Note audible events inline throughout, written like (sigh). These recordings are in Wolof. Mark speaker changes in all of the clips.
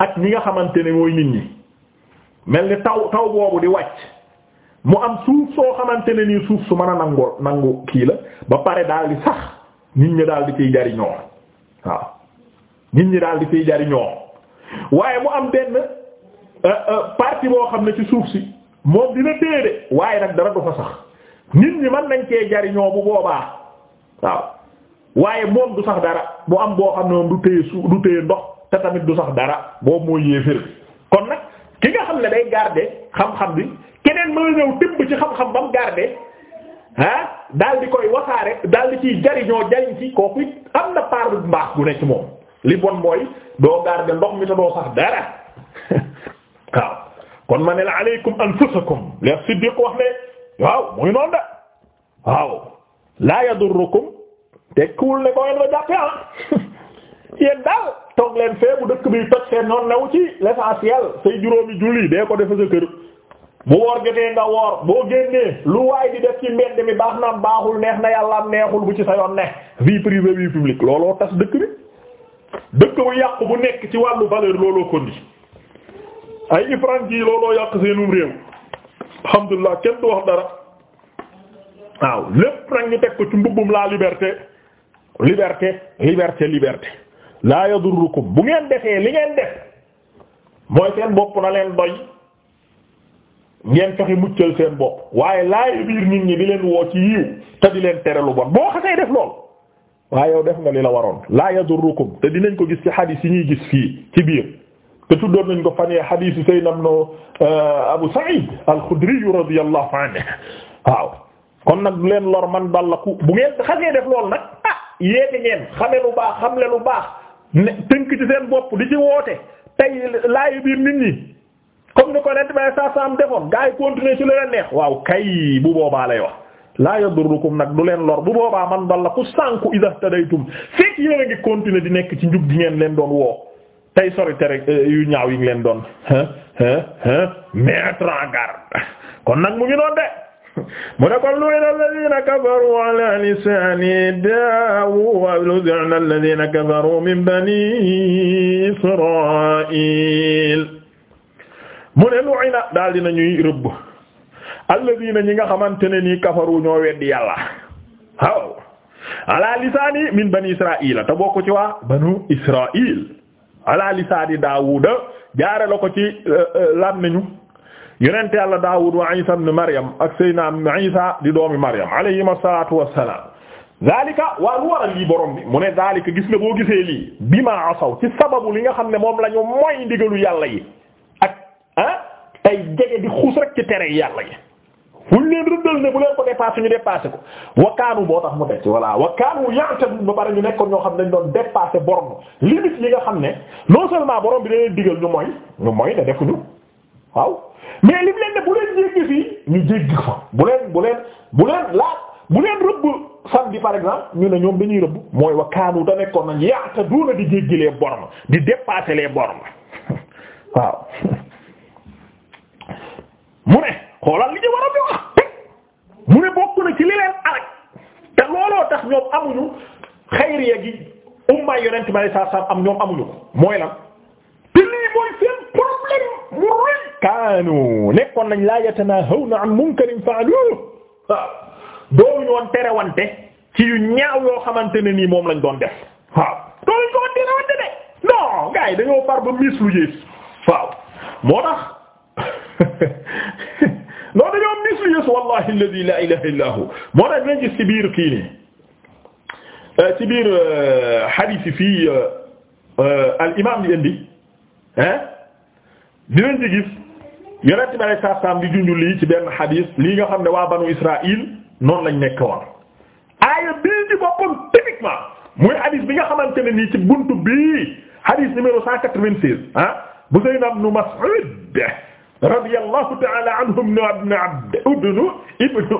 Speaker 1: ak ñi nga xamante ne mooy nit ñi mel ni taw taw boobu di wàcc mu am suuf soo xamante ne nii suuf su man a nangoo nangu kii la ba pare daal di sax nit ñi daal di ciy jariñoo waaw nit ñi daal di fiy jariñoo waaye mu am benn euh, euh, partie boo xam ne ci suuf si moom dina téere waaye nag dara du fa sax nit ñi mën nañ cee jariñoo bu boobaa waaw waaye moom du sax dara mu am boo xam ne moom du téye suuf du téye ndox. te tamit du sax dara boobu moo yéefér kon nag ki nga xam ne day garder xam-xam bi keneen mën na ci xam-xam ba mu garder ah di koy wasaare daal di ciy jariñoo jariñ ci kooku it am na part bu mbaax gu ci moom li bon mooy doo garder ndox mi te doo sax dara (laughs) waaw kon ma ne la aleykum anfusakum li Siddiq wax ne waaw muy noonu da waaw la yadurukum tekkiwul ne ko yéen ba jàppee ah (laughs) yéen daal toog leen fee dëkk bi toj seen noonu new ci l'essentiel say juróomi julli dee ko defe sa kër bu woor jotee nga woor boo génnee lu waay di def ci mbedd mi baax na baaxul neex na yàlla neexul bu ci sa yoon ne vie privée vie publique looloo tas dëkk bi dëkk bu yàqu bu nekk ci wàllu valeur looloo kondi ay ifranc yi looloo yàq seenum réew alhamdulilah kenn du wax dara waaw lépp nag ñu teg ko ci mbubbum la liberté liberté liberté liberté laa yadurrukum bu ngeen defee li ngeen def mooy seen bopp na leen doy ngeen fexe muccal seen bopp waaye laay biir nit ñi di leen woo ci yiw te di leen tere lu bon boo xasee def lool waaye yow def nga li la waroon laa yadurrukum te dinañ ko gis ci xadiis yi ñuy gis fi ci biir te tuddoon nañ ko fan yee xadiisu Sayyidina euh, Abu Sa'id al-Khudri radiyallahu anhu waaw kon nag du leen lor man dal ku bu ngeen xasee def lool nag ah yéete ngeen xame lu baax xamle lu baax ne tënk ci seen bopp di ci woote tey laay biir nit ñi comme ni ko leen bay saa saam defoon gars yi continuer ci lu leen neex waaw kay bu boobaa lay wax laa yadurukum nag du leen lor bu boobaa man dalla ku sànku idha tadaytum fekk yéen a ngi continuer di nekk ci njub di ngeen leen doon woo tey sori tere eh, yu ñaaw yi ngi leen doon hein hein hein garde kon nag mu ngi noon de mu ne kon lu'ina alladhina kafaru ala lisani wa lu'ina alladhina kafaru min bani Israa'il mu ne lu'ina daal dina ñuy rëbb alladhina ñi nga xamante ne nii kafaru ñoo weddi min bani Israa'il te bokk ci waa banu Israa'il ala lisani Daawuud jaare la ko ci euh, euh, lam nañu yonent yàlla Daawud wa Isa ibn Maryam naa Seydina Isa di doomi Maryam alayhima salaatu wassalaam zaalika waa lu waral lii borom bi mu ne zaalika gis nga boo gisee lii bimaa asaw ci sababu li nga xam ne moom la ñu mooy ndigalu yàlla yi ak ah tey jege di xuus rek ci tere yàlla yi. buñ leen rëddal ne bu leen ko dépassé ñu dépassé ko wakaanu boo tax mu teg voilà wakaanu ya'tadu ba bari ñu nekkoon ñoo xam ne dañ doon dépassé borom limite li nga xam ne non seulement borom bi da leen mooy ñu mooy te waaw. mais lim leen bu leen jéggi fii ñu jéggi fa bu leen bu leen bu leen laaj bu leen rëbb samedi par exemple ñu ne ñoom dañuy rëbb mooy wa kaanu da nekkoon nañ yaata duuna di jéggi les bornes di dépasser les bornes (laughs) waaw mu ne xoolal li ñu war a bi mu ne bokk na li leen alak te looloo tax ñoom amuñu xayriya gi umma yonent bi sallallahu alayhi wasallam am ñoom amuñu ko mooy la kaanu nekkoon nañ laa yatanahawna an munkarin fa'aluhu waaw dooñu woon ci ñaaw yoo xamante ne nii moom lañ doon def waaw dooñu ko woon terewante de non gars yi dañoo far ba miis lu wallahi alladhi la ilaha illa hu moo tax nañ gis ci biir kii ci biir euh, hadith fii euh, euh, al hein dinañ ci gis yonent bi alayhi salaam di junju lii ci benn xadiis lii nga xam ne waa banu Israël noonu lañ nekk woon aaya bii ci boppam typiquement muy xadiis bi nga xamante ne nii ci buntu bii xadiis numéro 196 ah bu Sayyid ibn Mas'ud radiyallahu ta'ala anhum ibn abd ibn ibn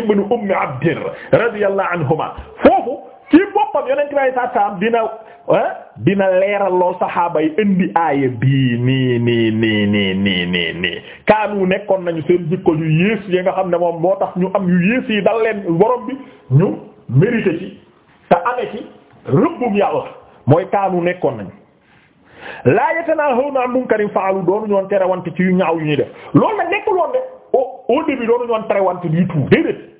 Speaker 1: ibn Umm Abd radiyallahu anhuma foofu ci boppam yonent bi alayhi salaam dina Eh? dina leeral lool saxaaba yi indi aaya bii nii nii nii nii nii nii nii kaanu nekkoon nañu seen jikko yu yées yi nga xam ne moom moo tax ñu am yu yées yi dal leen borom bi ñu mérité ci te ame ci rëbbum yàlla mooy kaanu nekkoon nañu laa yatanaahawna an munkarin fa'alu doonu ñoon terewante ci yu ñaaw yu ñuy def loolu nag nekkul woon de au au début doonu ñoon terewante du tout déedéet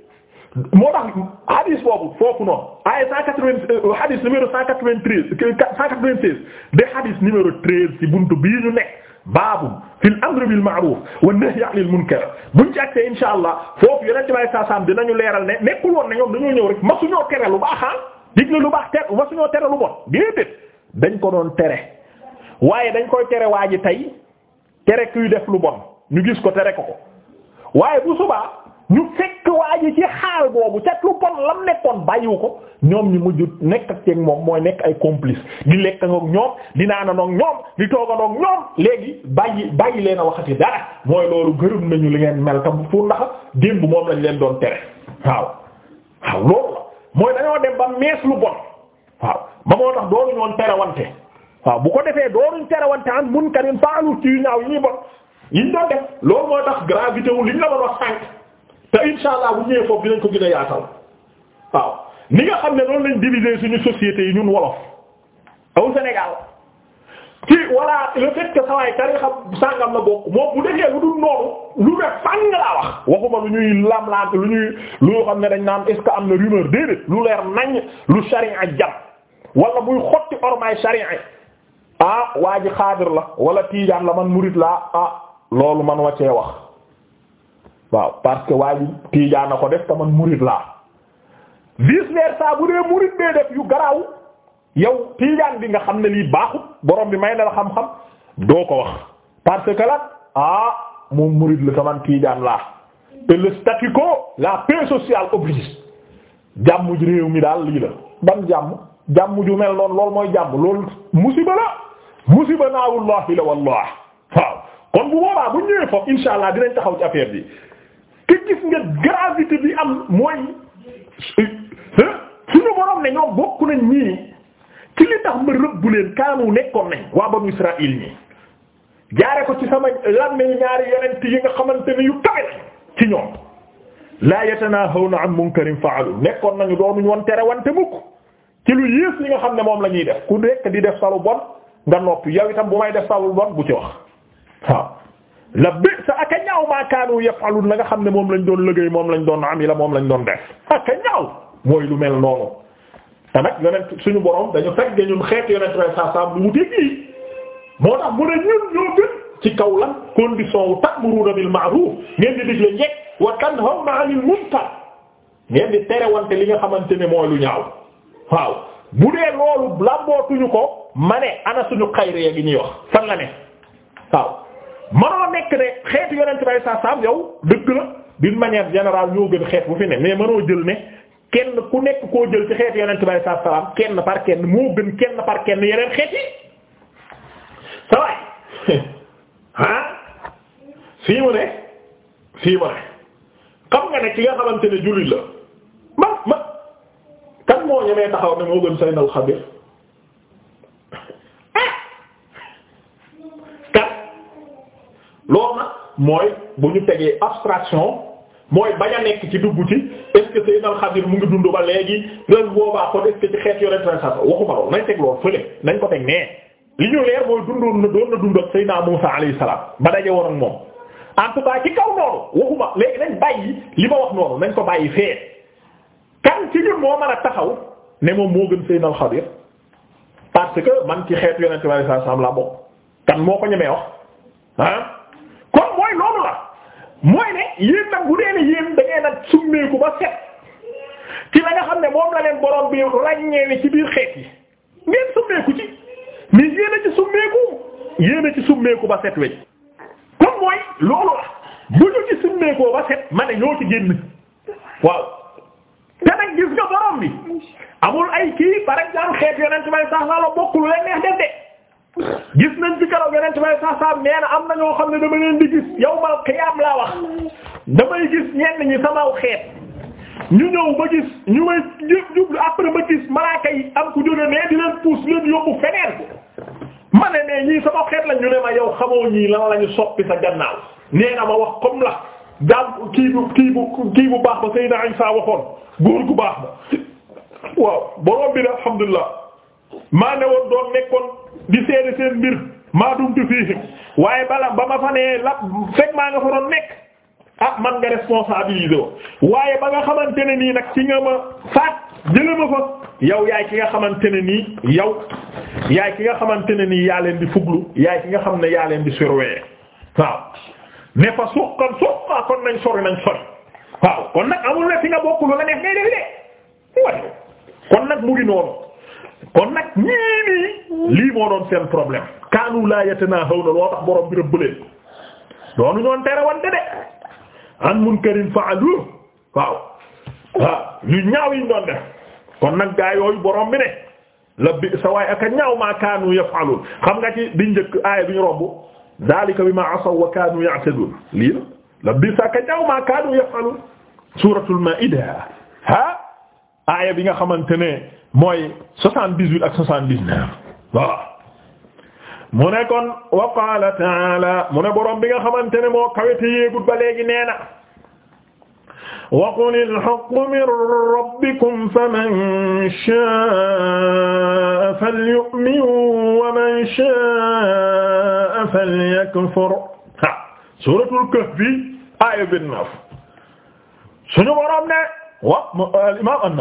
Speaker 1: moo tax hadis boobu foofu noonu ay cent quatre-vingt euh, hadis numéro cent quatre-vingt-treize cent quatre-vingt-seize de hadis numéro treize ci buntu bii ñu nekk baabu fil amri bil ma'ruf wan nahyi 'anil munkar buñ ci àgsee insha allah foofu yeneen ci may saasaam dinañu leeral ne nekkul woon ne ñoom dañoo ñëw rek masuñoo tere lu baax ah digle lu baax tere masuñoo tere lu bon déedéet dañ ko doon tere waaye dañ koy tere waa ji tey tere kuy def lu bon ñu gis ko tere ko ñu fekk waa ji ci xaal boobu ca lu bon lam nekkoon bàyyiwu ko ñoom ñu mujj nekk ak ceeb moom mooy nekk ay complice di lekk ngoog ñoom di naanandoog ñoom di toogandoog ñoom léegi bàyyi bàyyi leen a waxati dara mooy loolu gërëm nañu li ngeen mel tam fu ndax démb moom lañ leen doon tere waaw. waaw loolu la mooy dañoo dem ba mees lu bon waaw ba moo tax doonuñu woon terewante waaw bu ko defee doonuñ terewante an munkarin faalu ci yu ñaaw yi ñuy bon yiñ doon def loolu moo tax gravité liñ la doon te insha allah bu ñëwee foofu dinañ ko gën yaatal waaw ni nga xam ne noonu lañ diviser suñu sociétés yi ñun wolof au Sénégal ci voilà le fait que sawaay tarixa sàngam moom bu defee lu dul noonu lu lu xam ne dañ naan est-ce que am na rumeur déedéet lu leer nañ lu sharia jàpp wala muy xotti ormaay sharia ah waa ji xaadir la wala tiijaan la man murid la ah loolu man wa cee wax waaw parce que waa ji tiijaan na ko def te man murid laa vice versa bu dee murid bee def yu garaaw yow tiijaan bi nga xam ne lii baaxut borom bi may na la xam-xam doo ko wax parce que la ah moom murid la te man tiijaan laa te le statu quo la paix sociale oblige jàmm ju réew mi daal lii la ban jàmm jàmm ju mel noonu loolu mooy jàmm loolu musiba la musiba naawul la wallah waaw kon bu boobaa bu ñëwee foofu insha allah dinañ taxaw ci affaire bi te gis nga gravité bi am mooy suñu borom ne ñoom bokk nañ ñii ci li tax ma rëbb leen kaanu nekkoon nañ waa banu Israël ñi jaare ko ci sama làmmiñ ñaari yonent yi nga xamante ne yu kawe ci ñoom la yatanahawna an munkarin fa'alu nekkoon nañu doonuñ woon tere wante mukk ci lu yées li nga xam ne moom la ñuy def ku nekk di def salu bon nga noppi yow itam bu may def salu bon bu ci wax la bi sa aka ñaaw maa kaanu yafalun nga xam ne moom lañ doon liggéey moom lañ doon am yi la moom lañ doon def aka ñaaw mooy lu mel noonu te nag suñu borom dañu fekk ñun xeetu yonent way saa saa bu wuteeg yi kaw lan condition wu ta'muruna bil ma'ruf ngeen di digle njekk wa tanhawna 'anil munkar ngeen di terewante li nga xamante ne mooy lu ñaaw waaw bu dee loolu lambootuñu ko ma ne ana suñu xayri ya gi ñuy wax fan la ne waaw mënoo nekk ne xeetu yonent bay sa yow dëgg la d'une manière générale ñoo gën xeet bu fi ne mais mënoo jël ne kenn ku nekk koo jël ci xeetu yonent bay sa salaam kenn par kenn moo gën kenn par kenn yeneen xeet yi sa waay ah ne fii ne xam nga ne ki nga xamante ne jullit la ma ma kan moo ñemee taxaw ne moo gën saynal xabir loolu nag mooy bu ñu tegee abstraction mooy bañ a nekk ci dugg ci est ce que Seydina Xadir mu ngi dund ba léegi ren boobaa kon est ce que ci xeet yore sa sa waxuma loolu nañ teg loolu fële nañ ko teg nee. li ñu leer mooy dundoon doon na dund ak Seydina Muusa alayhi salaam ba daje waroon ak moom en tout cas kaw noonu waxuma léegi nañ bàyyi li ma wax noonu nañ ko bàyyi fee kan ci ñun moo mën a taxaw ne moom moo gën Seydina Xadir parce que man ci xeetu yonent bi sallallahu alayhi wasallam la bokk kan moo ko ñemee wax ah? kon mooy loolu la mooy ne yéen nag bu dee ne yéen da ngeen summeeku ba set ci la nga xam ne moom la leen borom bi ràññee ne ci biir xeet yi ngeen summeeku ci mais yéen a ci summeeku a ci ba set wecc kon mooy loolu la bu ñu ci summeekoo ba set ma ñoo ci génn waaw te nag gis nga borom bi amul ay kii par exemple xeet yonent may sax la bokkul leen neex def de gis nañ ci keroog a may sax sax nee na am na ñoo xam ne dama leen di gis yawmal qiyaam laa wax damay gis ñenn ñi samaw xeet ñu ñëw ba gis ñu may jublu après ma gis malaaka ku jóge mais di leen pousse ma ne mais ñii sama xeet lañ ñu ne ma yow xamoo ñii lan la ñu soppi sa gannaaw nee na ma wax comme la daal kii bu kii bu kii bu baax ba Seydina Isa waxoon góor gu baax ba waaw borom bi alhamdulillah maa ne woon doon nekkoon. di seede seen mbir maa dumtu fiihim waaye bala ba ma fa nee la fekk maa nga fa doon nekk ah man nga responsabilisé wo waaye ba nga xamante ne nii nag ci nga ma faat jële ma fa yow yaay ki nga xamante ne nii yow yaay ki nga xamante ne nii yaa leen di fuglu yaay ki nga xam ne yaa leen di surveiller waaw ne fa suqan suqa kon nañ sori nañ sori waaw kon nag amul na fi nga bokk lu la neex ngay def de kon nag mu ngi noonu kon nag ñii lii moo doon seen problème kaanu laa yatanahawna loo tax borom bi rëbb leen doonu ñoon tere wante de fa'alu waaw waaw yu ñaaw yiñ doon def kon nag gaa yooyu borom bi ne la aka ñaaw maa kaanu yaf'alun xam nga ci bi njëkk aaya bi ñu romb dhalika bima asaw wa kaanu lii la bi sa aka ñaaw maa kaanu yaf'alun suratul maida ha aaya bi nga xamante ne mooy soixante-dix-huit ak soixante waaw mu ne kon wa qaala taala mu ne borom bi nga xamante ne moo kawete yéegut ba léegi nee na wa qulil haqqu min rabbikum faman shaa'a falyu'min wa man shaa'a falyakfur ha suuratul kahf aaya 29 suñu borom ne wa al-imam an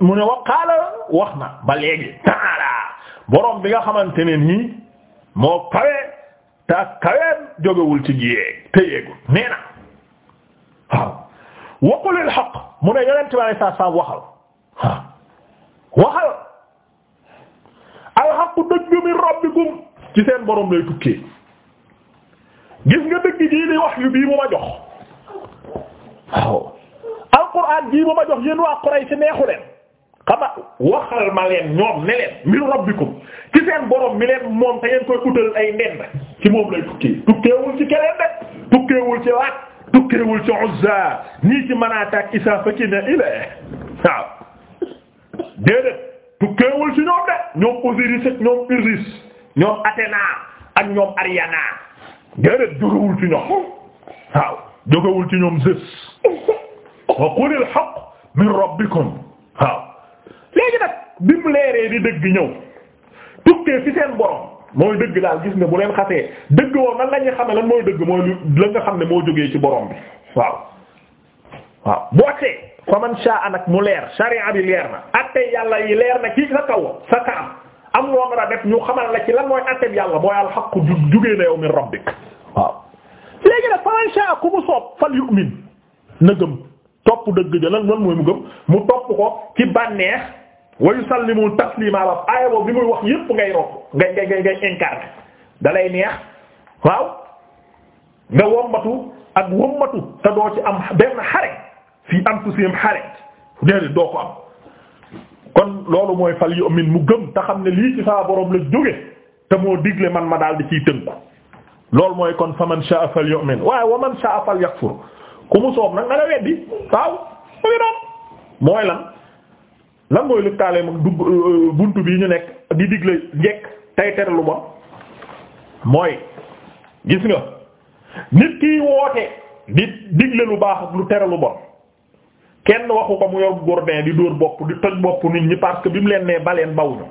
Speaker 1: mu ne wa qaala wax ma ba léegi borom bi nga xamante ne nii moo kawe te kaweem jógewul ci yéeg te yéegul nee na waaw wa qul al mu ne yonent bi alayhi salaam waxal ah waxal al-haqqu dëgg min rabbikum ci seen borom lay tukkee gis nga dëgg jii wax yu bii mu ma jox. waaw alquran bii ba ma jox yéen waa Quraysh neexu leen xama waxal ma leen ñoom ne leen rabbikum ci seen borom mi moom te ngeen koy utal ay nen ci moom lay tukkee tukkeewul ci keneen de tukkeewul ci Laat tukkeewul ci Uzza nii ci Manaat ak Isaa fa kii ne ilee waaw déedéet tukkeewul ci ñoom de ñoom Osiris ñoom Iris ñoom Athéna ak ñoom Ariana déedéet jógewul ci ñoom waaw jógewul ci ñoom sës wa qulil haqq min rabbikum waaw léegi nag bi mu leeree di dëgg ñëw tukkee fi seen borom mooy dëgg daal gis nga bu leen xasee dëgg woon nan la ñuy xamee lan mooy dëgg moo lu la nga xam ne moo jógee ci borom bi waaw waaw bu wàccee fa man sha'a nag mu leer sharia bi leer na yàlla yi leer na kii sa kaw sa kaam am loo mën def ñu xamal na ci lan mooy àtte yàlla mooy alxaqu jugee na yow min rabbik faman sha ku mu soob fal yu'min na gëm topp dëgg ja lan mooy mu gëm mu topp ko ci bànneex wa yusallimu taslima ba aaya bi muy wax yépp ngay ropp ngay ngay ngay dalay neex waaw nga wombatu ak wombatu te doo ci am benn xare fii am tusim xare déedéet doo ko am kon loolu mooy fal yu'min mu gëm te xam ne lii ci saa borom la jóge te moo digle man ma daal di ciy tënku loolu mooy kon fa man sha'a falyu'min waaye wa man sha'a falyakfur ku mu soob nag na nga weddi waaw mooy lan lan mooy lu taalee mag dugg euh, buntu bii ñu nekk di digle njekk tey tere lu bon mooy gis nga nit kiy woote di digle lu baax ak lu tere lu bon kenn waxu ko mu yor gourdin di dóor bopp di toj bopp nit ñi parce que bi mu leen nee baleen bawuñu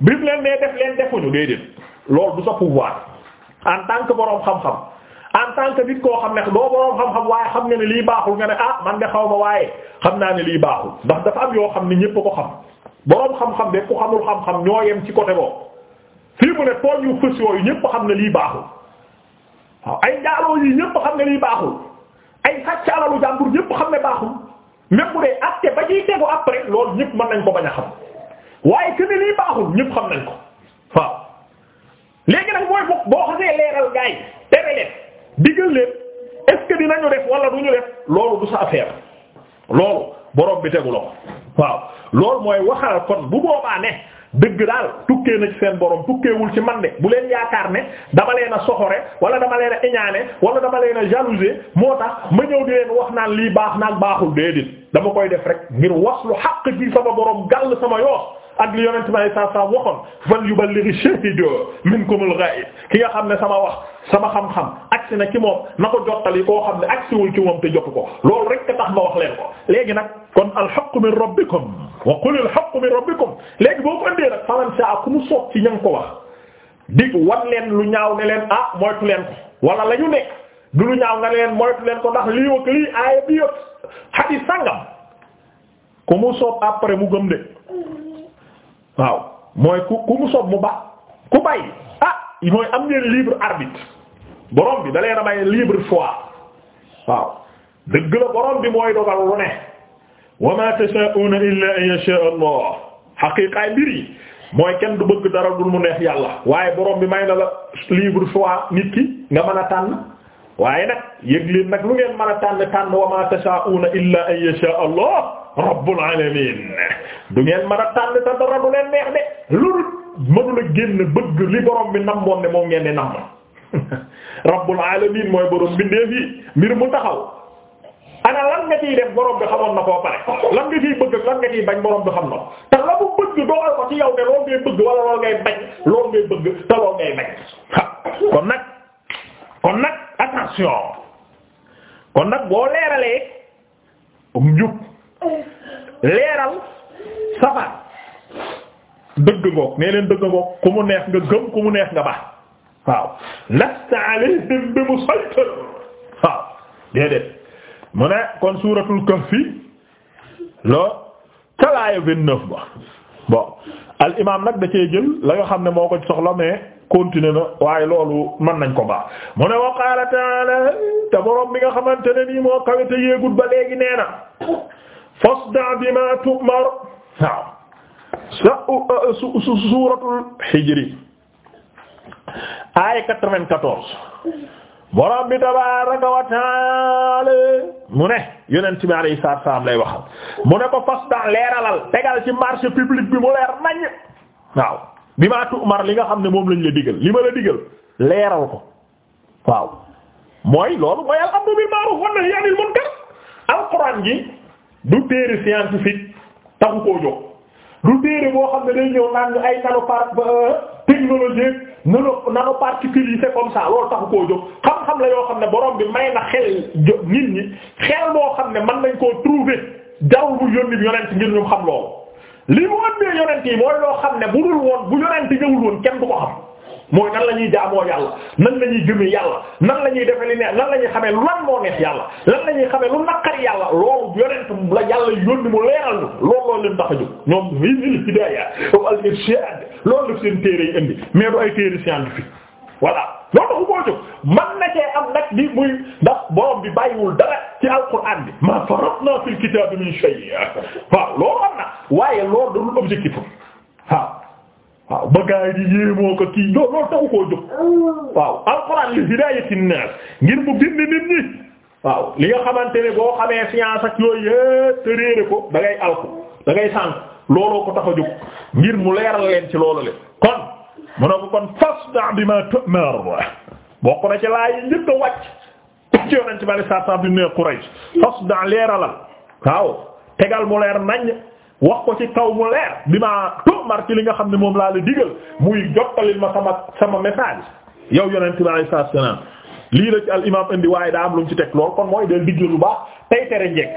Speaker 1: bi mu leen nee def leen defuñu déedéet loolu du sa pouvoir en tant que boroom xam-xam en tant que nit koo xam ne doo boroom xam-xam waaye xam nga ne lii baaxul nga ne ah man de xaw ma waaye xam naa ne lii baaxul ndax dafa am yoo xam ne ñëpp ko xam boroom xam-xam de ku xamul xam-xam ñoo yem ci côté boobu fii mu ne tooñ yu fës yooyu ñépp xam ne lii baaxul waaw ay njaaloo yi ñépp xam ne lii baaxul ay sàcc alalu jàmbur ñépp xam ne baaxul même bu dee acte loolu ñépp mën nañ ko bañ a xam waaye que ne lii baaxul ñépp xam nañ ko léegi nag mooy boo boo xasee leeral gaay tere leen digal leen est-ce que def wala duñu def loolu du sa affaire loolu borom bi tegu la waaw loolu mooy waxal kon bu boobaa dëgg daal tukkee na seen borom tukkeewul ci man de bu leen yaakaar ne dama leen a soxore wala dama leen a iñaane wala dama leen a jalouser moo tax ma ñëw di leen wax naan lii baax naan baaxul déedéet dama koy def rek ngir waslu xaq ji sama borom gàll sama yoos ak li yonent bi saa saa waxoon fal yuballighi shahidu minkumul ghaib ki nga xam ne sama wax sama xam-xam agsi na ci moom na ko jottali koo xam ne agsiwul ci moom te jotu ko loolu rek tax ma wax leen ko léegi nag kon al haqqu min rabbikum wa qul al haqqu min rabbikum léegi boo ko andee nag faman saa ku mu soog ci ña ko wax dig wan leen lu ñaaw ne leen ah moytu leen ko wala la ñu nekk du lu ñaaw nga leen moytu leen ko ndax lii ak lii aaya bi yëpp xadis sàngam ku mu mu gëm de. waaw mooy ku ku mu sob mu ba ku bay ah mooy am ngeen libre arbitre borom bi da leen a may libre choix waaw dëgg la borom bi mooy dogal lu ne wa ma tashaa'una illa an yasha Allah xaqiiqaay mbir yi mooy kenn du bëgg dara dul mu neex yàlla waaye borom bi may na la libre choix nit ki nga mën a tànn waaye nag yëg leen nag lu ngeen mën a tànn tànn wa ma tashaa'una rabbul alamin du ngeen mën a tànn te dara du leen neex de loolu mënula génn bëgg li borom bi nammoon ne moom ngeen di namm (laughs) rabbul alamin mooy borom bindeef yi mbir mu taxaw ana lan nga ciy def borom bi xamoon na koo pare lan nga ciy bëgg lan nga ciy bañ borom bi xam na te la mu bëgg doogal ko ci yow ne loolu ngay bëgg wala loolu ngay bañ loolu ngay bëgg te loolu ngay bañ kon nag kon nag attention kon nag boo leeralee njub leeral safar dëgg ngoog nee leen dëgg ngoog ku mu neex nga gëm ku mu neex nga baax waaw lasta alayhim bi musaytir waaw déedéet mu ne kon suuratul kahfi loo ca laaya vingt ba bon al nag da cee jël la nga xam ne moo ko soxla mais continuer na waaye loolu mën nañ ko baax mu ne wa qaala te boroom bi nga xamante ne nii moo kawe te yéegul ba léegi nee na fasda bima tumar waaw sa su su suuratul hijri aaya 94 borom bi tabaaraka wa taala mu ne yonent bi lay waxal mu ne ko fasda leeralal tegal ci marché public bi mu leer nañ waaw bima tumar li nga xam ne moom lañ la digal li ma la digal leeral ko waaw mooy loolu mooy al amru bil ma'ruf wan nahyi anil munkar alquran gi du téere scientifique taxu koo jóg du téere boo xam ne day ñëw naan ay nano par euh, technologie nano nano particules yi c'est comme ça loolu taxu koo jóg xam-xam la yoo xam ne borom bi may na xel nit ñi xel boo xam ne man nañ koo trouver jarul bu yónni yonent ngir ñu xam loolu li mu ëndee yonent yi mooy loo xam ne bu dul woon bu yonent ñëwul woon kenn du ko xam. mooy nan la ñuy jaamoo yàlla nan la ñuy gëmee yàlla nan la ñuy defe li neex nan la ñuy xamee lan moo neex yàlla nan la ñuy xamee lu naqari yàlla loolu yonent la yàlla yónni mu leeral ñu loolu loolu leen a jóg ñoom visil hidaaya wa al irshad loolu def seen téere yi indi mais du ay téere scientifique voilà loolu ko jóg man na cee am nag di muy ndax borom bi bàyyiwul dara ci alquran bi ma faratna fil kitabi min shay waaw loolu am na waaye loo du objectif waaw ba gaay di yéemoo ko kii loolu loolu taxu koo oh. waaw alxuraan li hidaayatin naas ngir mu bind nit ñi waaw li nga xamante ne boo xamee science ak yooyu yëpp te réere ko da ngay alku da ngay ko tax a jóg ngir mu leeral leen ci loolu le kon mu ne ko kon fasda bima tu'mar bokk na ci laa yi njëkk a wàcc ci yonent bi sallallahu alayhi wa sallam bi ne Quraysh fasda leeralal waaw mu leer nañ wax ko ci kaw mu leer bi ma tomar ci li nga xam ne moom laa la digal muy jottalil ma sama sama message yow yonent bi alayhi salaatu salaam lii la ci al imaam indi waaye daa am lu mu ci teg lool kon mooy del digle lu baax tey tere njekk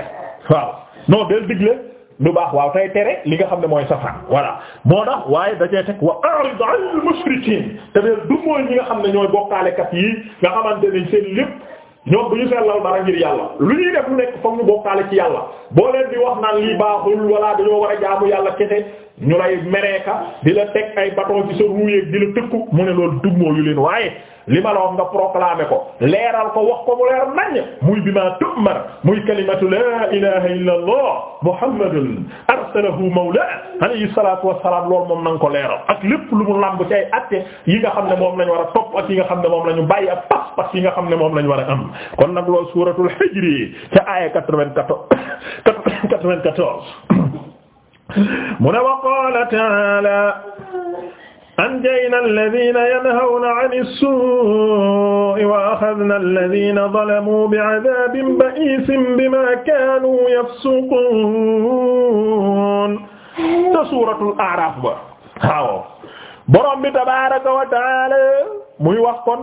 Speaker 1: waaw non del digle lu baax waaw tey tere li nga xam ne mooy safaan voilà moo tax waaye dajee teg wa a'rid 'anil mushrikiin te del du mooy ñi nga xam ne ñooy bokkaalekat yi nga xamante ne seen lépp ñoom bu ñu sellal dara ngir yàlla lu ñuy def lu nekk foog ñu bokkaale ci yàlla boo leen di wax naan lii baaxul wala dañoo war a jaamu yàlla kese ñu lay mereeka di la teg ay bâton ci sa ruuyeeg di tëkku mu ne loolu dugmoo yu leen waaye li ma la wax nga proclamer ko leeral ko wax ko mu leer nañ muy bi ma tu'mar muy kalimatu la ilaha illa allah muhammadun arsalahu mawla alayhi salatu wassalam loolu moom na nga ko leeral ak lu mu làmb ci yi nga xam ne moom lañ war a topp ak yi nga xam ne moom la ñu bàyyi ak pas pas yi nga xam ne moom la war am kon nag loolu suratul hijri ca aaya 94 94 mu ne wa qala ta'ala أنجينا الذين ينهون عن السوء وأخذنا الذين ظلموا بعذاب بئيس بما كانوا يفسقون (laughs) te suuratul A'raaf ba waaw borom bi tabaaraka wa ta'aala muy wax kon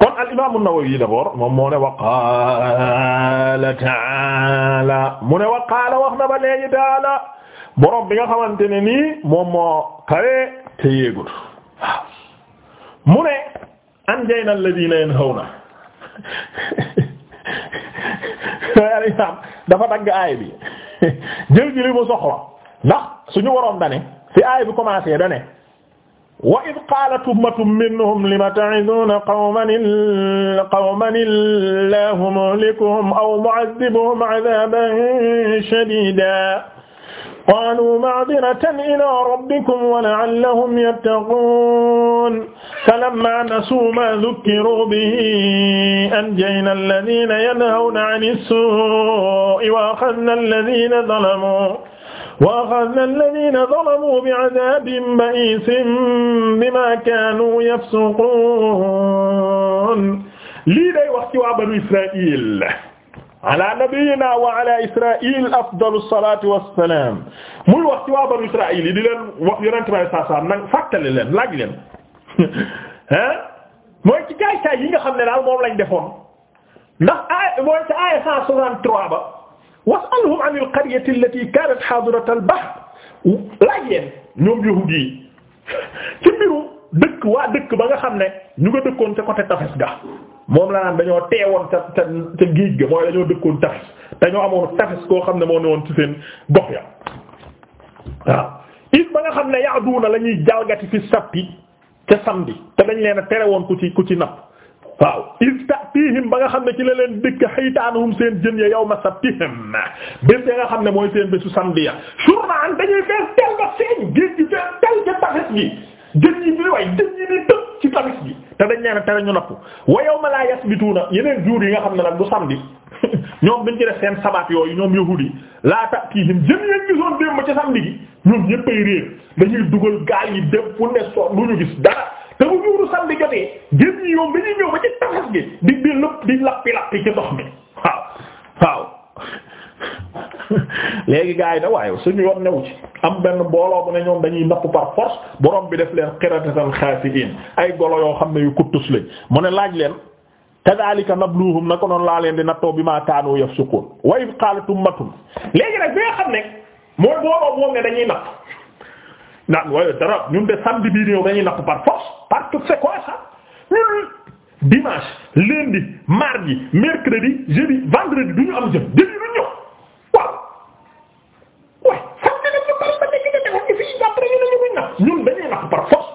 Speaker 1: kon al-Imaam an-Nawawi d'abord moom moo ne wa qaala ta'aala mu ne wa qaala wax na ba léegi ta'aala borom bi nga xamante ne nii moom moo kawe te yéegul waaw mu ne anjayna alladina yanhawna dafa dagg aay bi jël ji li mu soxla ndax suñu waroon dane fi aay bi commencé dane wa id qaalat ummatun minhum lima ta'iduna qawman qawman illahu muhlikuhum aw mu'adhibuhum 'adaban shadida qaalu ma'diratan ilaa rabbikum wa la'allahum yattaquun falammaa nasuu maa dhukkiruu bihi anjaynaa allaziina yanhawna 'ani s-suu'i wa axadnaa allaziina zalamuu wa axadnaa allaziina zalamuu bi'adaabin ba'iisin bimaa kaanuu yafsuquun lii day wax ci waa Banu Israa'iil ala nabiyyina wa ala israil afdalu salati wax ci waa banu israil yi di leen wax yonente bi saa leen laaj leen (laughs) yi nga xam ne daal moom lañ defoon ndax aaya mooy ci aaya ba an il qaryati allati kanat hadirata al bahr laaj leen ñoom yahuudi yi (laughs) ci mbiru dëkk waa dëkk ba nga xam ne ñu nga dëkkoon ca côté tafes ga moom la naan dañoo teewoon ca ca ca géej ga mooy dañoo dëkkoon tafis dañoo amoon tafis koo xam ne moo woon ci seen gox ya waaw it ba nga xam ne yaaduuna na lañuy jalgati fi sappi ca samedi te dañ leen tere woon ku ci ku ci nap waaw is tatihim ba nga xam ne ci la leen dëkk xaytaanahum seen jën ya yawma sabtihim bés ya nga xam ne mooy seen bésu samedi ya journée dañuy fees tel ba seen géej gi fees tel ca tafis gi jën yi bi way jën yi di tëb ci tamis bi te dañ nee n tere ñu napp wa yawma la yasbituuna yeneen jour yi nga xam ne nag du samedi (laughs) ñoom dañ ci def seen sabaat yooyu ñoom yahuudi laa ta'tihim jën yeen gisoon démb ci samedi gi ñoom ñëppay réer dañuy dugal gaal yi def fu ne so lu ñu gis dara te bu juuru samedi jotee jën yi yoom dañuy ñëw ba ci tamis gi di di lëpp di lappi-lappi ci ndox mi léegi gars yi da waaye suñu yoon newu ci am benn booloo bu ne ñoom dañuy napp par force borom bi def leen qiratatan xaasiin ay golo yoo xam ne yu kuttus lañ mu ne laaj leen ka kadhalika nabluhum na ko noonu laa leen di nattoo bi ma kaanu yafsukun wa id qaalat ummatun léegi nag bi nga xam ne mooy mbooloo moom ne dañuy napp naan waaye dara ñun de samedi bii ñëw dañuy napp par force parce que c'est quoi dimanche lundi mardi mercredi jeudi vendredi am jëm jëndi du ñëw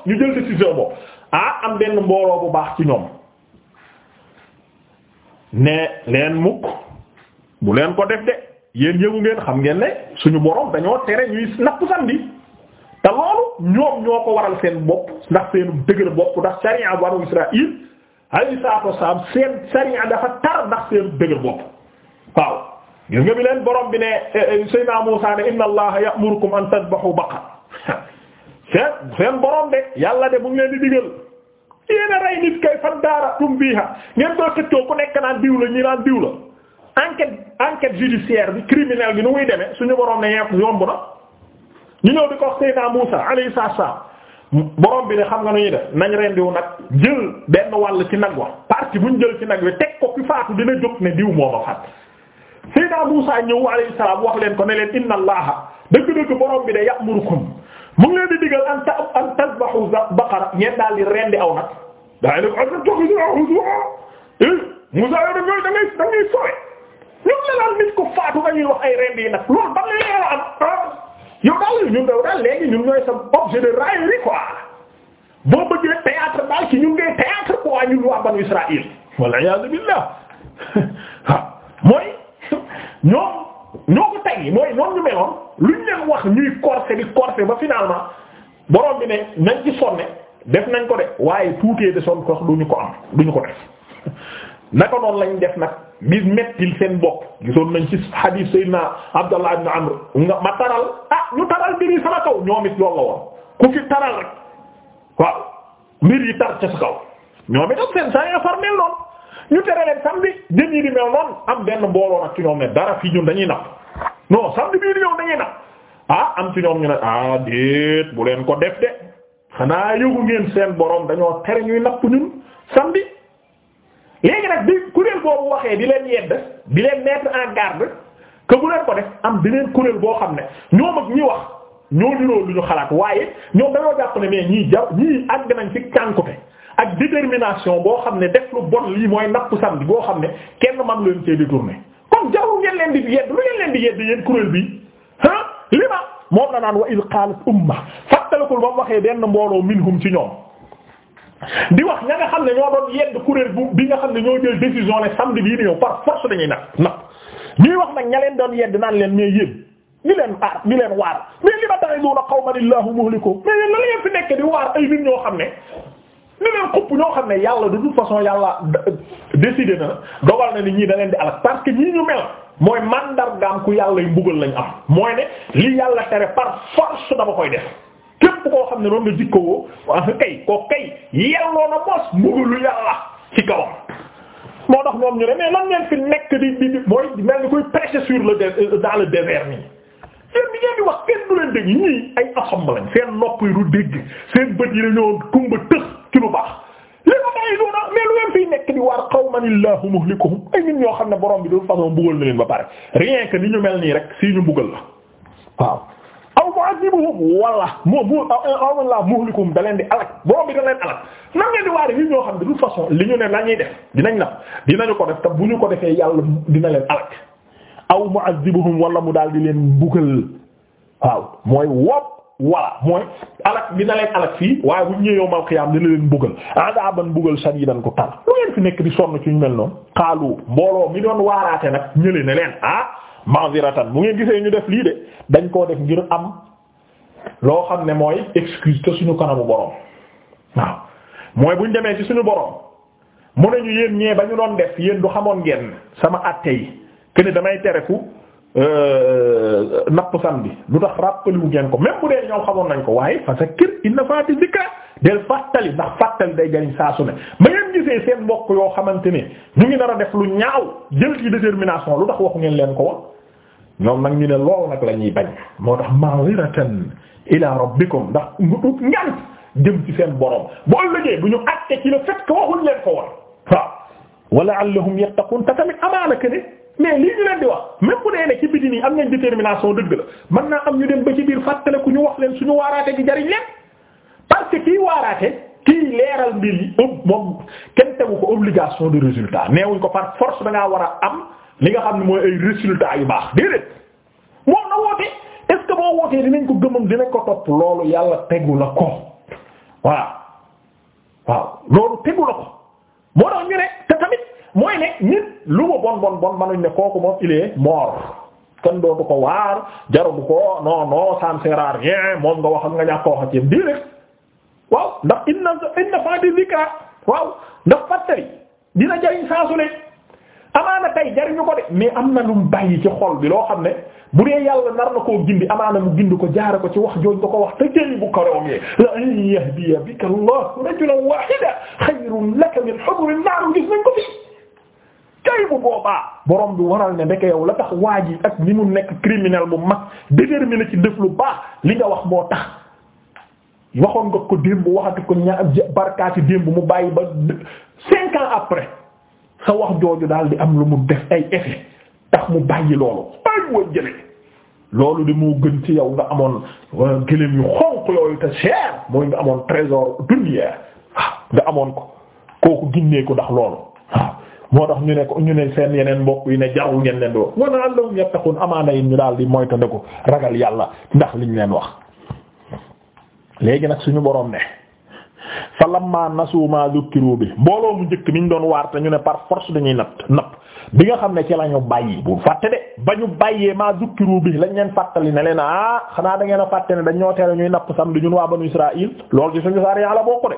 Speaker 1: ñu jël décision boobu ah am benn mbooloo bu baax ci ñoom ne leen mukk bu leen ko def de yéen yëgu ngeen xam ngeen ne suñu boroom dañoo tere ñuy napp samedi te loolu ñoom ñoo ko waral seen bopp ndax seenu dëgër bopp ndax sariya banu Israil alayhi salaatu wassalaam seen sariya dafa tar ndax seenu dëgër bopp waaw gis nga bi leen borom bi ne eh, eh, Seydina Muusaa ne inna allaha ya'murukum an tadbahu baqara (laughs) seen seen borom de yàlla de mu leen di digal yéen a rey nit kay fan daara tum biiha ngeen doo xëccoo nekk naan diw la ñi naan diw la enquête enquête judiciaire bi criminel bi nu muy demee suñu borom ne yeek yomb na ñu ñëw di ko wax Seydina Muusa alayhi salaam borom bi ne xam nga nu ñuy def nañ rendiwu nag jël benn wàll ci nag wax partie bu ñu jël ci nag wi teg ko fi faatu dina jóg ne diw moo ma faat Seydina Muusa ñëw alayhi salaam wax leen ko ne leen inna allaha dëgg-dëgg borom bi de ya'murukum mu ngi leen di digal an ta an tasbahu baqara ñeent daal di rendi aw nag daa ngi ne ko eh, Moussa yooyu da ngay da ngay sooy ñun la daal nit ko faatu nga ñuy wax ay rendi yi nag loolu ban la ñu am ah, yow daal ñun daal léegi ñun ñooy sa objet de raillerie quoi boo bëggee théâtre daal ci ñun ngay théâtre quoi ñun waa banu Israël wal iyaazu billah (laughs) mooy (laughs) ñoom. ñoo ko tey mooy noonu ñu meloon luñ leen wax ñuy corsé bi corsé ba finalement borom bi ne nañ ci sonne def nañ ko de waaye tuutee de sonn ko duñu ko am duñu ko def (laughs) naka noonu lañ def nag bi mettil seen bopp gisoon nañ ci hadith Seydina Abdallah ibn Amr ma taral ah ñu taral mbir yi sama kaw ñoom it la woon ku fi taral rek waaw mbir yi tar ca sa kaw ñoom itam seen saa yoo far mel noonu ñu tere leen samedi jën yi di mel noonu am benn mbooloo nag ci ñoom ne dara fii ñun dañuy napp non samedi bii di ñëw dañuy napp ah am ci ñoom ñu ne ah déet bu leen ko def de xanaa yëgu ngeen seen borom dañoo tere ñuy napp ñun samedi. léegi nag bi kuréel boobu waxee di leen yedd di leen mettre en garde que ko def am beneen kuréel boo xam ne ñoom ak ñi wax ñoo niroo lu ñu xalaat waaye ñoom dañoo jàpp ne mais ñii ja ñii àgg nañ ci cànkute ak détermination boo xam ne def lu bon lii mooy napp samedi boo xam ne kenn man leen cee détourné kon jarul ngeen leen di yedd lu ngeen leen di yedd yéen kuréel bi ah li ma moom la naan wa il qaalat umma fàttalikul ba mu waxee benn mbooloo minhum ci ñoom. di wax ña nga xam ne ñoo doon yedd kuréel bu bi nga xam ne ñoo jël décision ne samedi bii nii ñëw par force dañuy napp napp ñuy wax nag ña leen doon yedd naan leen mais yéen. ñi leen aar ñi leen a duuna qawman illaahu muhliku mais yéen lan ngeen fi nekk di waar ay nit xam ne ni leen xupp ñoo xam ne yàlla de toute façon yàlla décidé na dogal na ni ñii da di alal parce que ñii ñu mel mooy mandargaam ku yàlla yu mbugal lañ am mooy ne li yàlla tere par force dama koy def képp koo xam ne noonu nga jikkowoo kay ko kay yelloo na mos mbugalu yàlla ci kawam moo tax ñoom ñu ne mais lan ngeen fi nekk di di mooy mel ni koy prêcher sur le euh, dans le désert nii seen bi ngeen di wax kenn du leen dégg ñii ay assemblée seen nopp yi ci lu baax li ma bàyyi lu na mais lu leen fiy nekk di waar qawman muhlikuhum ay nit ñoo xam ne borom bi de toute façon mbugal na leen ba pare rien que ni ñu mel nii rek si ñu mbugal la waaw aw mu'adhibuhum wala moo bu aw la muhlikuhum da leen di alak borom xam ne de toute ne la ñuy def dinañ la dinañu ko def te bu ñu ko defee yàlla dina leen alak aw mu'adhibuhum mu daal di leen mbugal waaw mooy wopp voilà mooy alak dina leen alak fii waaye bu ñëwee yawmal qiyaam dina leen buggal adaban buggal sadiidan ko tar lu ngeen fi nekk di sonn ci ñu mel noonu xaalu mbooloo mi doon waaraate nag ñële ne leen ah ma'ziratan bu ngeen gisee ñu def lii de dañ koo def ngir am loo xam ne mooy excuse te suñu kanamu borom waaw mooy buñ demee ci suñu borom mu ne ñu yéen ñee ba ñu doon def yéen du xamoon ngeen sama àtte yi que damay tere ku Euh, napp sam bi lu tax rappeliwu ngeen ko même bu dee ñoom xamoon nañ ko waaye fa zakkir in faati zikra del fàttali ndax fàttali day jariñ saa su ne ma ngeen gisee seen mbokk yoo xamante ne ñu ngi nar def lu ñaaw jël ci détermination lu tax waxu ngeen leen ko wax ñoom nag ñu ne lool nag la ñuy bañ moo tax ma'ziratan ila rabbikum ndax nguub ñaar jëm ci seen borom bu ëllëgee bu ñu àtte ci le fait que leen ko wax waaw wa la'allahum yattaqun te tamit amaana que ne mais lii ñu leen di wax même bu dee ne ci biti nii am nañ détermination dëgg la mën naa am ñu dem ba ci biir fàttale ku ñu wax leen suñu waaraate gi jariñ leen parce que kii waaraate kii leeral mbir yi moom kenn tegu ko obligation de résultat neewuñ ko par force da ngaa war a am li nga xam ne mooy ay résultat yu baax déedéet moom na woote est-ce que boo wootee dinañ ko gëmam dinañ ko topp loolu yàlla tegu la ko waaw waaw loolu tegu la ko mooy ne nit lu ma bon bon bon manuñ ne kooku moom il est kenn dootu ko waar jarubu ko non non ça ne moom nga wax ak nga ñàkk a wax ak waaw ndax inna inna fàtte zikra waaw ndax fàttali dina jariñ saa su ne amaana tey jariñu ko de mais am na lu mu bàyyi ci xol bi loo xam ne bu dee yàlla nar na koo gindi amaana mu gindi ko jaare ko ci wax jooñ nga wax te jëli bu karoom yee la an yahdiya bika allahu rajulan wahida xayrun laka min humri an-nar kay bu boobaa borom bi waral ne ndeke yow la tax waa ji ak ni mu nekk criminel bu mag déterminé ci def lu baax li nga wax moo tax waxoon nga ko démb waxati ko ña barkaati démb mu bàyyi ba cinq ans après sa wax jooju daal di am lu mu def ay effet tax mu bàyyi loolu bàyyi woo jële loolu di moo gën ci yow nga amoon gëléem yu xonq yooyu te cher mooy nga amoon trésor dunier ah, nga amoon ko kooku ginnee ko ndax loolu waaw ah. moo tax ñu ne ne seen yeneen mbokk yi ne jarul ngeen leen di wax wa la'allahum yattaqun amaana yi ñu daal di ko ragal yàlla ndax liñ leen wax. léegi nag suñu borom ne fa lamma nasu ma zukkiru bi mbooloo mu njëkk mi ñu doon waar te ñu ne par force dañuy napp napp bi nga xam ne ci la ñu bàyyi bu fàtte de ba ñu bàyyee ma zukkiru bi lañ leen fàttali ne leen ah xanaa da ngeen a fàtte ne dañ ñoo teel ñuy napp samedi ñun waa banu Israël loolu ci suñu sariya la bokk de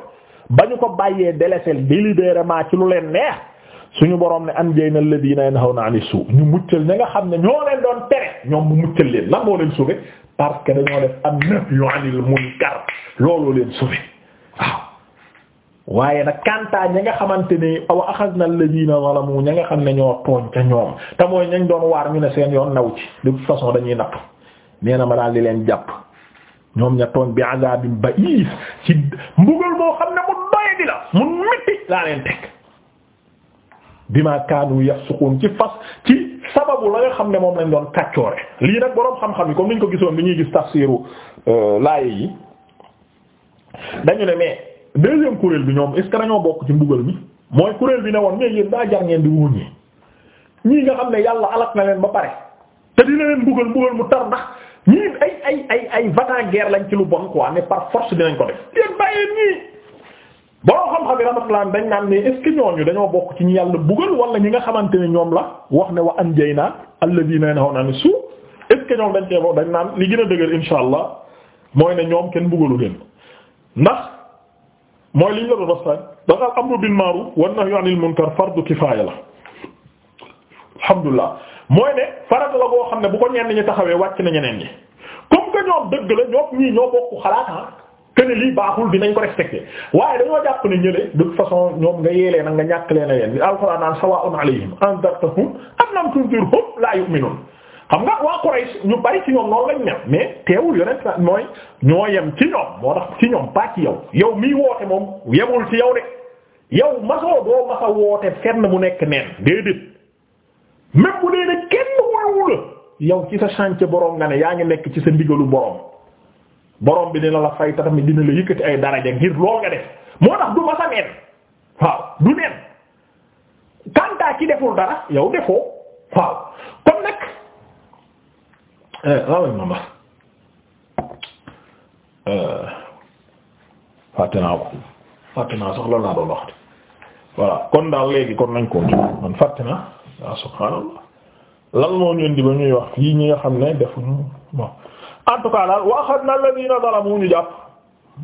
Speaker 1: ba ñu ko bàyyee délaissé délibérément ci lu leen neex suñu borom ne anjayna alladhina yanhawna 'ani su ñu muccal ña nga xam ne ñoo leen doon tere ñoom mu muccal leen lan moo leen sauvé parce que dañoo def an-nahyu 'anil munkar looloo leen sauvé waaw. waaye nag kantaa ña nga xamante ne aw akhadna alladhina zalamu ña nga xam ne ñoo tooñ ca ñoom te mooy ñañ doon waar ñu ne seen yoon naw ci de façon dañuy napp nee ma daal di leen jàpp ñoom ña tooñ bi 'adabin ba'is ci mbugal moo xam ne mu doy di la mu métti laa bima kaanu yafsuqun ci fas ci sababu la nga xam ne moom lañ doon kàccoore lii nag boroom xam-xam yi comme niñ ko gisoon bi ñuy gis tafsiru euh, laaye yi dañu ne mais deuxième kuréel bi ñoom est ce dañoo bokk ci mbugal bi mooy kuréel bi ne woon mais yéen daa jar ngeen di wuñ ñi ñii nga xam ne yàlla alak na leen ba pare te dina leen mbugal mbugal mu tar ndax ñii ay ay ay ay lañ ci lu bon quoi ne par force dinañ ko def xam-xam yi dañ naan ne est-ce que dañoo bokk ci ñu yàlla bugal wala ñi nga xamante ne ñoom la wax ne wa anjaynaa alladhiina yanhawna ani suu est-ce que ñoom dañ cee bokk dañ naan li gën a dëgër insha allah mooy ne ñoom kenn bugalu leen ndax mooy liñ la doon wax sax da nga amru bil ma'ruf wan nahyu anil munkar fardu kifaaya la alhamdulilah mooy ne farata la boo xam ne bu ko ñenn ñi taxawee wàcc na ñeneen ñi comme que ñoom dëgg la ñoom ñii ñoo bokk xalaat ah. que ne lii baaxul dinañ ko respecté waaye dañoo jàpp ne ñële de façon ñoom nga yee leen ak nga ñàkk leen a leen alxuraan naan sawaa'un alayhim anzartahum am lam tunzirhum laa yu'minuun xam nga waa Quraysh ñu bari ci mooy ñoo yem ci ñoom moo yow yow mii woote moom yemul ci yow de yow masoo doo masa woote fenn mu nekk neen déedéet même bu dee kenn woowula yow ci sa chantier borom nga ne yaa ngi nekk ci sa ndigalu borom. borom bi dina la fay ta tamit dina la yëkkati ay daraja ngir lool nga def moo tax du sa neen waaw du neen kantaa ki deful dara yow defoo waaw kon nag eh, waaw eh, naa ko naa doon wax voilà kon daal léegi kon nañ ko man fàtte naa subhaanallah moo ñu indi ba ñuy wax fii ñi nga xam ne defuñu bon en tout cas daal wa akhadna alladhina zalamu ñu jàpp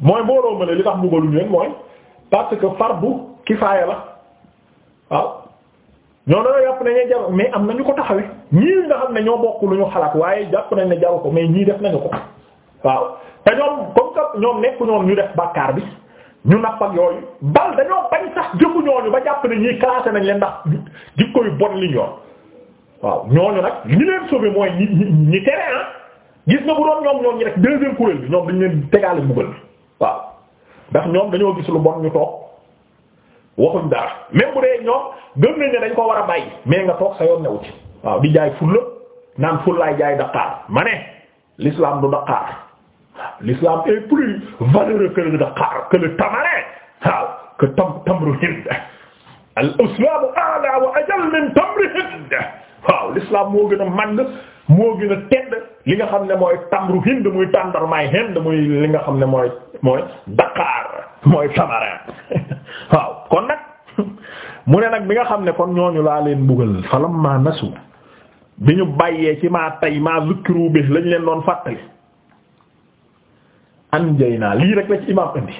Speaker 1: mooy booroo ma li tax mbugaluñu leen mooy parce que fardu kifaaya la waaw ñoo doon jàpp am na ñu ko taxawee ñii nga xam ne lu ñu xalaat waaye jàpp nañ ne jaru ko mais ñii def nañu ko waaw te ñoom comme que def bàkkaar bi ñu napp ak yooyu bal dañoo bañ sax jëfu ñooñu ba nañ leen ndax jikko ñi ñi ñi tere ah gis na bu doon ñoom ñoom ñi rek deuxième kuréel bi ñoom dañ leen tegaale mbugal bi waaw ndax ñoom dañoo gis lu bon ñu toog waxuñ dara même bu dee ñoom gëm nañ ne dañ ko war a bàyyi mais nga toog sa yoon newu ci waaw di jaay fulla naan fullaay jaay Dakar ma ne l'islam du Dakar l'islam est plus valeureux que le Dakar que le waaw que tam tamru hind al islam a'la wa ajal min tamri hind waaw l'islam moo gën a màgg moo gën a tedd li nga xam ne mooy tamru hind muy tàndarmaay hind muy li nga xam ne mooy mooy Dakar mooy samarin (laughs) waaw kon nag (laughs) mu ne nag bi nga xam ne kon ñooñu laa leen buggal falamma nasu bi ñu bàyyee ci maa tay maa zukkiru bi lañ leen doon fàttali naa lii rek la ci imaam indi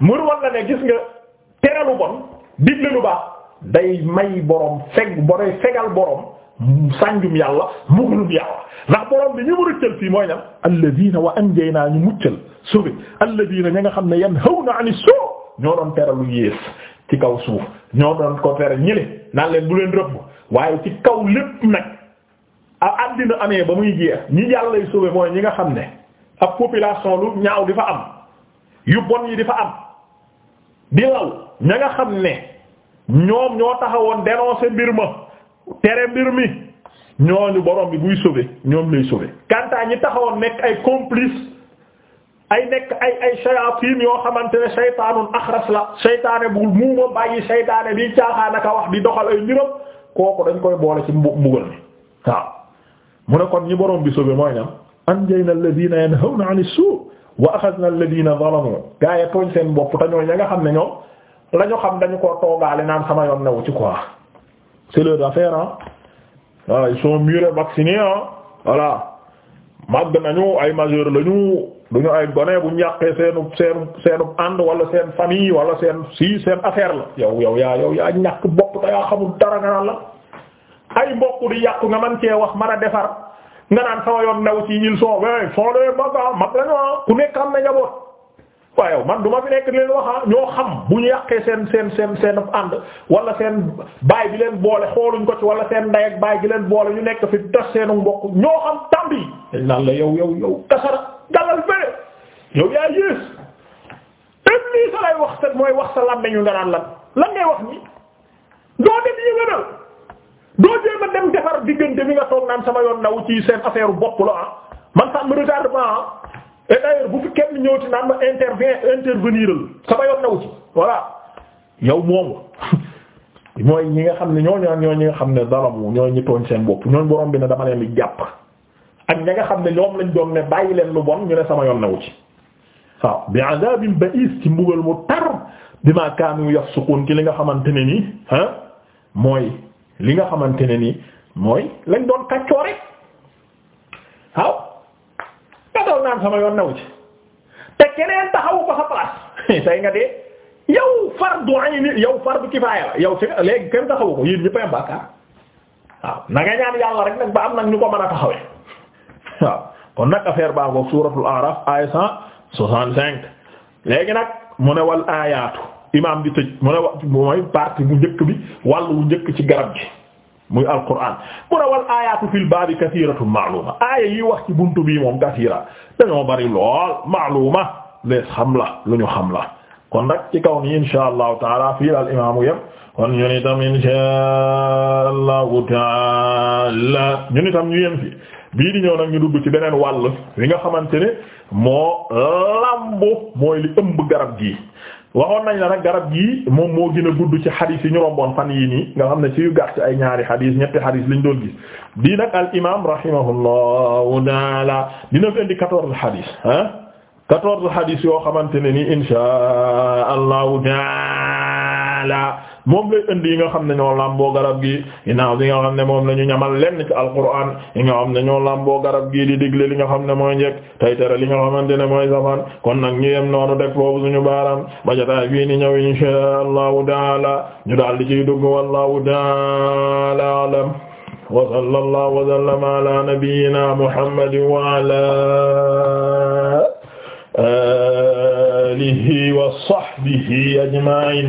Speaker 1: mur war na ne gis nga tere bon digle lu baax day may borom feg borom fegal sànjum yàlla mbugalum yàlla ndax borom bi ñu mu rëccal fii mooy ñam am wa naa ñu muccal subi alladina ña nga xam ne yanhawna ni suu ñoo doon tere lu yées ci kaw suuf ñoo doon ko tere ñële naan leen bu leen rëbb waaye ci kaw lépp nag àddina amee ba muy jeex ñi yàllay subi mooy ñi nga xam ne ab population lu ñaaw di fa am yu bon yi di fa am di law ña nga xam ne ñoom ñoo taxawoon dénoncer mbir ma tere mbir mi ñu borom bi buy sauver ñoom lay sauver kantaa ñi taxawoon nekk ay complice ay nekk ay ay shayatin yoo xamante ne shaytaanun axras la shaytaane bu muuma bàyyi shaytaane bi caaxaan aka wax di doxal ay mbiram kooku dañ koy boole ci mbugal mi waaw mu ne kon ñi borom bi sauver mooy ñam anjayna alladhina yanhawna 'ani as-su' wa akhadna alladhina zalamu gaa yi tooñ seen bopp te ña nga xam ne ñoom la ñu xam dañu ko toogaale naan sama yoon newu ci c'est leur affaire ah voilà ils sont mûrs vaccinés ah voilà màgg nañu ay majeur lañu duñu ay gone bu ñàkkee seenu seenu seenu ànd wala seen famille wala seen si seen affaire la yow yow yaa yow yaa ñàkk bopp da yaa xamul dara nga naan la ay mbokk di yàqu nga man cee wax man a defar nga naan sama yoon new ci ils sont ouais fondé mag ah mag lañu ah ku nekk am na njaboot. waaye man du ma fi nekk di leen wax ah ñoo xam bu ñu yàqee seen seen seen seen ànd wala seen baay bi leen boole xooluñ ko ci wala seen ndey ak baay gi leen boole ñu nekk fi tas seenu mbokk ñoo xam tàmbi dañ naan la yow yow yow kasara galal fële yow yaa yées teg lii sa lay wax sa mooy wax sa lan ñu nga naan la lan ngay wax nii doo dem yëngal doo jéem a dem defar diggante mi nga toog naan sama yoon naw ci seen affaire bopp la ah man sax mu retardement et d'ailleurs bu fi kenn ñëwti naan ma intervient intervenir sama yoon naw ci voilà yow moom (laughs) mooy ñi nga xam ne ñooñu ñoo ñi nga xam ne zalamu ñoo ñi tooñ seen bopp ñooñ borom bi ne dama leen di jàpp ak ña nga xam ne ñoom lañ doon ne bàyyi leen lu bon ñu ne sama yoon naw ci waaw bi azabin ba'is ci mbugal mu tar bima kaanu yafsuqun ci li nga xamante ne nii ah mooy li nga xamante ne nii mooy lañ doon kàccoo rek waaw nga doon naan sama yoon naw ci te keneen taxawu ko sa place (laughs) tey nga dee yow fardu ayni yow fardu kifaaya la yow ci léegi kenn taxawu ko yéen ñëpp a bàkkaar waaw na nga ñaan yàlla rek nag ba am nag ñu ko mën a taxawee (laughs) waaw kon nag affaire baa ngoog suuratul A'raf aaya cent soixante-cinq léegi nag moo ne wal aayaatu imaam di tëj mu ne wa mooy partie bu njëkk bi wàll bu njëkk ci garab gi. muy alquran mu ne wal ayatu fil baabi kathiratun maaluma wax buntu bii moom kathira dañoo bari lool maaluma lees xam la lu ñu xam la kon nag ci kaw ni insha allahu taala fii al imaamu yem kon ñu ni tam insha yem fi bii di ñëw nag ñu dugg ci beneen wàll wi nga xamante ne moo lambu mooy li ëmb garab gi waxoon nañ la garab gi moom moo gën a gudd ci xadis yi ñu romboon fan yii nii nga xam ne ci yu gàtt ay ñaari xadis ñetti xadis lañ doon gis bii nag al imaam rahimahullahu taala dina fi indi quatorze xadis ah quatorze xadis yoo xamante ne nii insha allahu taala moom lay indi yi nga xam ne ñoo làmboo garab gi ginnaaw bi nga xam ne moom la ñu ñamal lenn ci alquran yi nga xam ne ñoo làmboo garab gi di digle li nga xam ne mooy njekk tay tere li nga xamante ne mooy safan kon nag ñu yem noonu teg foofu suñu baaram bajataay fii ni ñëw insha allahu taala ñu daal di ciy dugg wallahu taala alam wa sallallahu wa sallama ala nabiyyina muhammadin wa ala alihi wa sahbihi ajma'in